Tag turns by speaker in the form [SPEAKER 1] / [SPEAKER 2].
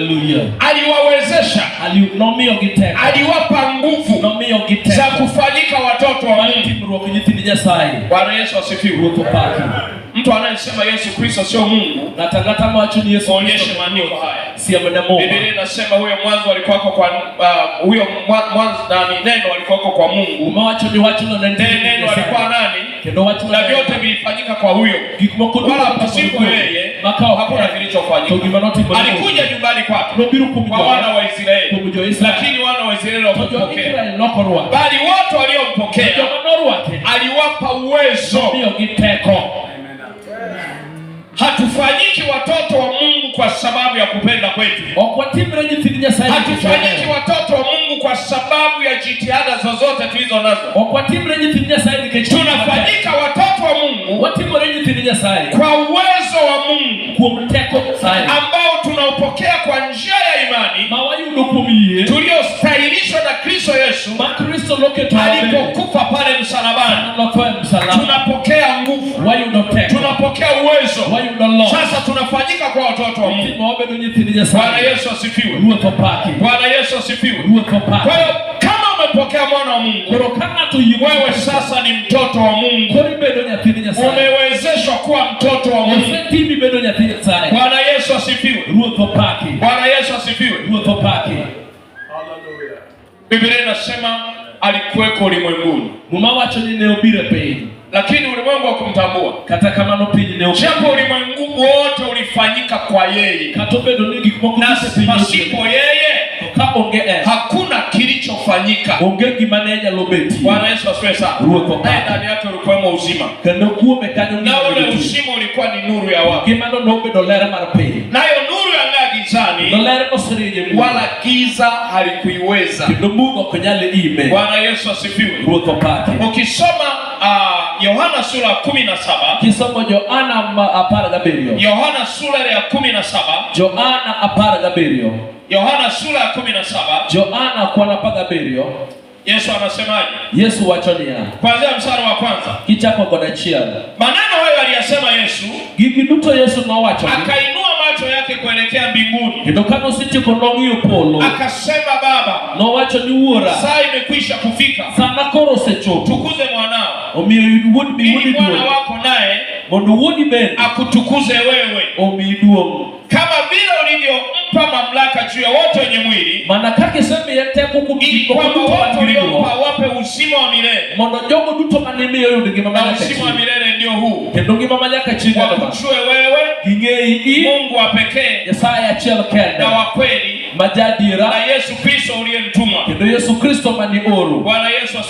[SPEAKER 1] Haleluya.
[SPEAKER 2] Aliwawezesha. Aliwapa nguvu za kufanyika watoto wa Bwana Yesu asifiwe. Mtu anayesema Yesu Kristo sio Mungu,
[SPEAKER 1] natangata macho ni Yesu.
[SPEAKER 2] Onyeshe maneno haya.
[SPEAKER 1] Si Biblia
[SPEAKER 2] inasema huyo mwanzo alikuwa kwa uh, huyo mwanzo na neno alikuwa kwa Mungu.
[SPEAKER 1] Macho ni watu na
[SPEAKER 2] neno alikuwa
[SPEAKER 1] nani?
[SPEAKER 2] Na vyote vilifanyika kwa huyo. Wala pasipo yeye makao hakuna kilichofanyika. Alikuja nyumbani kwake kwa wana wa Israeli, lakini wana wa Israeli
[SPEAKER 1] hawakumpokea,
[SPEAKER 2] bali wote waliompokea aliwapa uwezo. Hatufanyiki watoto wa Mungu kwa sababu ya kupenda kwetu sababu ya jitihada zozote tulizo nazo tunafanyika watoto wa Mungu kwa uwezo wa Mungu ambao tunaupokea kwa njia ya
[SPEAKER 1] imani
[SPEAKER 2] tuliostahilishwa na Kristo Yesu alipokufa kama umepokea mwana wa Mungu, wewe sasa ni mtoto wa Mungu. Umewezeshwa kuwa mtoto wa Mungu. Bwana Yesu asifiwe. Bwana Yesu asifiwe. Biblia inasema alikuweko ulimwenguni.
[SPEAKER 1] Mumawacho ni neobire pei
[SPEAKER 2] lakini ulimwengu hakumtambua.
[SPEAKER 1] Katika maneno pinyi leo,
[SPEAKER 2] japo ulimwengu wote ulifanyika kwa yeye,
[SPEAKER 1] katombedo nyingi
[SPEAKER 2] kumwakulisha pinyi, pasipo yeye hakuna kilichofanyika.
[SPEAKER 1] ongegi maneja lobeti.
[SPEAKER 2] Bwana Yesu asifiwe sana. Ruwe kwa kwa Ndani yake ulikuwemo uzima.
[SPEAKER 1] Kana kuwa mekano
[SPEAKER 2] na ule uzima ulikuwa ni nuru ya watu.
[SPEAKER 1] Kimano nombe dolera marapeli.
[SPEAKER 2] Nayo nuru ya gizani.
[SPEAKER 1] Dolera mosirije.
[SPEAKER 2] Wala giza halikuiweza.
[SPEAKER 1] kwenye konyale ime.
[SPEAKER 2] Bwana Yesu asifiwe.
[SPEAKER 1] Ruwe kwa Baba.
[SPEAKER 2] Ukisoma uh, Yohana sura ya kumi na saba
[SPEAKER 1] kisomo Yohana apara gabirio
[SPEAKER 2] Yohana sura ya kumi na saba
[SPEAKER 1] Yohana apara gabirio
[SPEAKER 2] Yohana sura ya kumi na saba
[SPEAKER 1] Yohana kwana paga gabirio
[SPEAKER 2] Yesu anasemaje?
[SPEAKER 1] Yesu wachonia.
[SPEAKER 2] Kwanza msara wa kwanza.
[SPEAKER 1] Kichapo goda chiara.
[SPEAKER 2] Maneno hayo aliyasema Yesu.
[SPEAKER 1] Gigiduto Yesu nowacho.
[SPEAKER 2] Akainua macho yake kuelekea mbinguni.
[SPEAKER 1] Kendo kano siti konong'iyo polo.
[SPEAKER 2] Akasema Baba.
[SPEAKER 1] Nowacho ni wuora.
[SPEAKER 2] Saa imekwisha kufika.
[SPEAKER 1] Sana koro secho Tukuze ili
[SPEAKER 2] Bwana wako naye akutukuze wewe kama vile ulivyompa mamlaka juu ya wote wenye mwili, wape uzima wa milele. uzima wa milele ndio huu, wakujue wewe Mungu wa pekee na wa kweli, na Yesu Kristo uliyemtuma. Bwana Yesu.